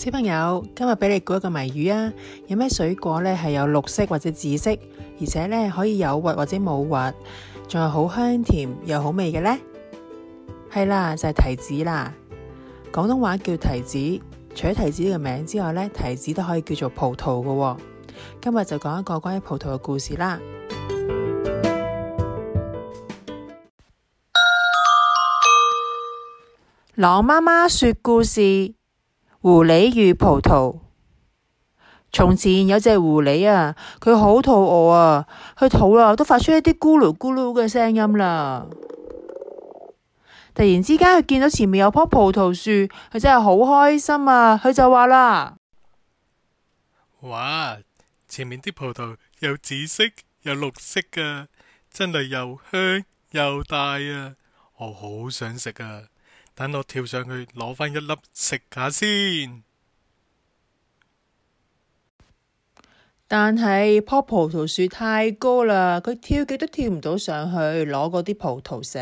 小朋友，今日俾你估一個謎語啊！有咩水果呢？係有綠色或者紫色，而且呢可以有核或者冇核，仲係好香甜又好味嘅呢？係啦，就係提子啦！廣東話叫提子，除咗提子呢個名之外呢，提子都可以叫做葡萄㗎喎。今日就講一個關於葡萄嘅故事啦。狼媽媽說故事。狐狸與葡萄。從前有隻狐狸啊，佢好肚餓啊，佢肚啊都發出一啲咕嚕咕嚕嘅聲音啦。突然之間，佢見到前面有棵葡萄樹，佢真係好開心啊！佢就話啦：哇，前面啲葡萄又紫色又綠色嘅啊，真係又香又大啊！我好想食啊！等我跳上去攞返一粒食下先。但係棵葡萄樹太高啦，佢跳極都跳唔到上去攞嗰啲葡萄食。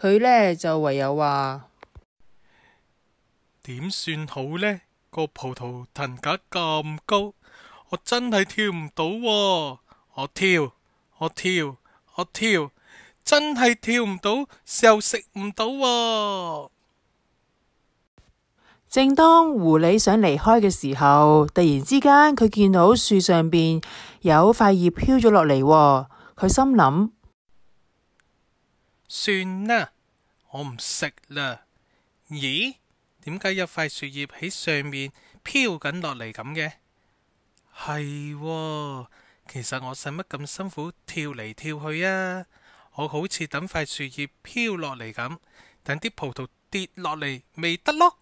佢呢就唯有話：點算好呢？個葡萄藤架咁高，我真係跳唔到喎。我跳，我跳，我跳。真係跳唔到，又食唔到喎。正當狐狸想離開嘅時候，突然之間，佢見到樹上邊有塊葉飄咗落嚟。佢心諗：算啦，我唔食啦。咦？點解有塊樹葉喺上面飄緊落嚟咁嘅？係喎，其實我使乜咁辛苦跳嚟跳去啊？我好似等塊樹葉飄落嚟咁，等啲葡萄跌落嚟，未得咯。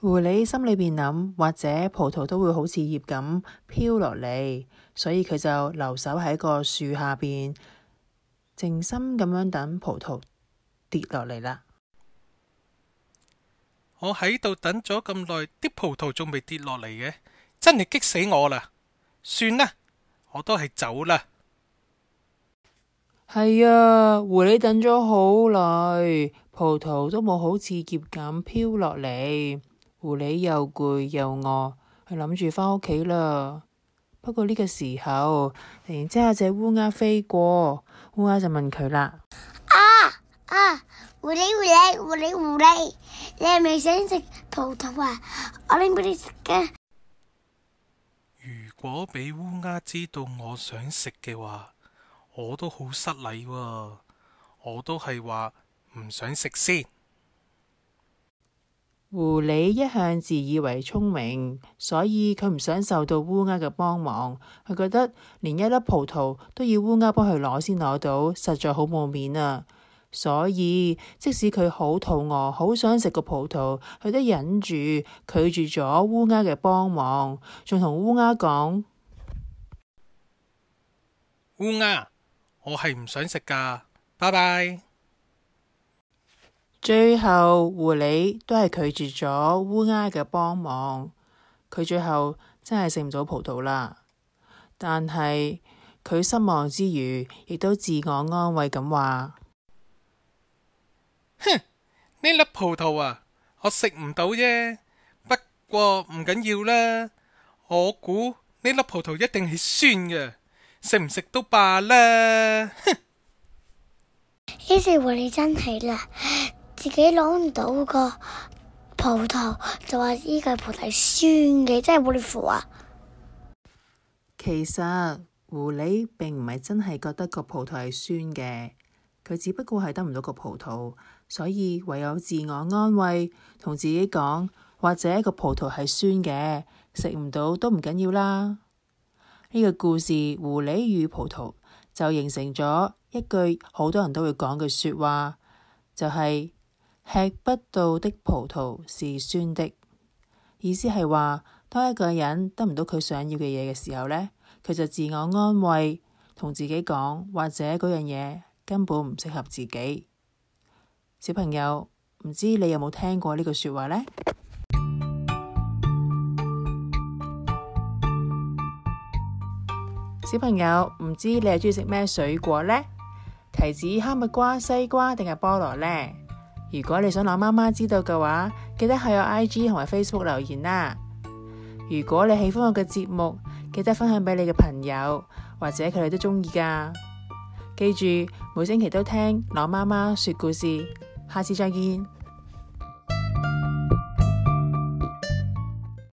狐狸心裏邊諗，或者葡萄都會好似葉咁飄落嚟，所以佢就留守喺個樹下邊，靜心咁樣等葡萄跌落嚟啦。我喺度等咗咁耐，啲葡萄仲未跌落嚟嘅？真係激死我啦！算啦，我都係走啦。係啊，狐狸等咗好耐，葡萄都冇好似葉咁飄落嚟。狐狸又攰又餓，佢諗住返屋企啦。不過呢個時候，突然之間有隻烏鴉飛過，烏鴉就問佢啦，啊啊，狐狸狐狸狐狸狐狸，你係咪想食葡萄啊？我拎俾你食噶？如果俾烏鴉知道我想食嘅話，我都好失禮喎、啊，我都係話唔想食先。狐狸一向自以為聰明，所以佢唔想受到烏鴉嘅幫忙，佢覺得連一粒葡萄都要烏鴉幫佢攞先攞到，實在好冇面啊！所以即使佢好肚餓，好想食個葡萄，佢都忍住拒絕咗烏鴉嘅幫忙，仲同烏鴉講烏鴉。烏我係唔想食噶，拜拜。最後狐狸都係拒絕咗烏鴉嘅幫忙，佢最後真係食唔到葡萄啦。但係佢失望之餘，亦都自我安慰咁話：哼，呢粒葡萄啊，我食唔到啫。不過唔緊要啦，我估呢粒葡萄一定係酸嘅。食唔食都罷啦，哼 ！呢隻狐狸真係啦，自己攞唔到個葡萄就話呢個葡萄係酸嘅，真係冇你符啊！其實狐狸並唔係真係覺得個葡萄係酸嘅，佢只不過係得唔到個葡萄，所以唯有自我安慰，同自己講，或者個葡萄係酸嘅，食唔到都唔緊要啦。呢個故事狐狸與葡萄，就形成咗一句好多人都會講嘅說話，就係吃不到的葡萄是酸的。意思係話，當一個人得唔到佢想要嘅嘢嘅時候呢，佢就自我安慰，同自己講，或者嗰樣嘢根本唔適合自己。小朋友，唔知你有冇聽過呢句說話呢？小朋友，唔知你係中意食咩水果呢？提子、哈密瓜、西瓜定係菠蘿呢？如果你想攞媽媽知道嘅話，記得喺我 IG 同埋 Facebook 留言啦。如果你喜歡我嘅節目，記得分享俾你嘅朋友，或者佢哋都中意噶。記住每星期都聽攞媽媽說故事，下次再見。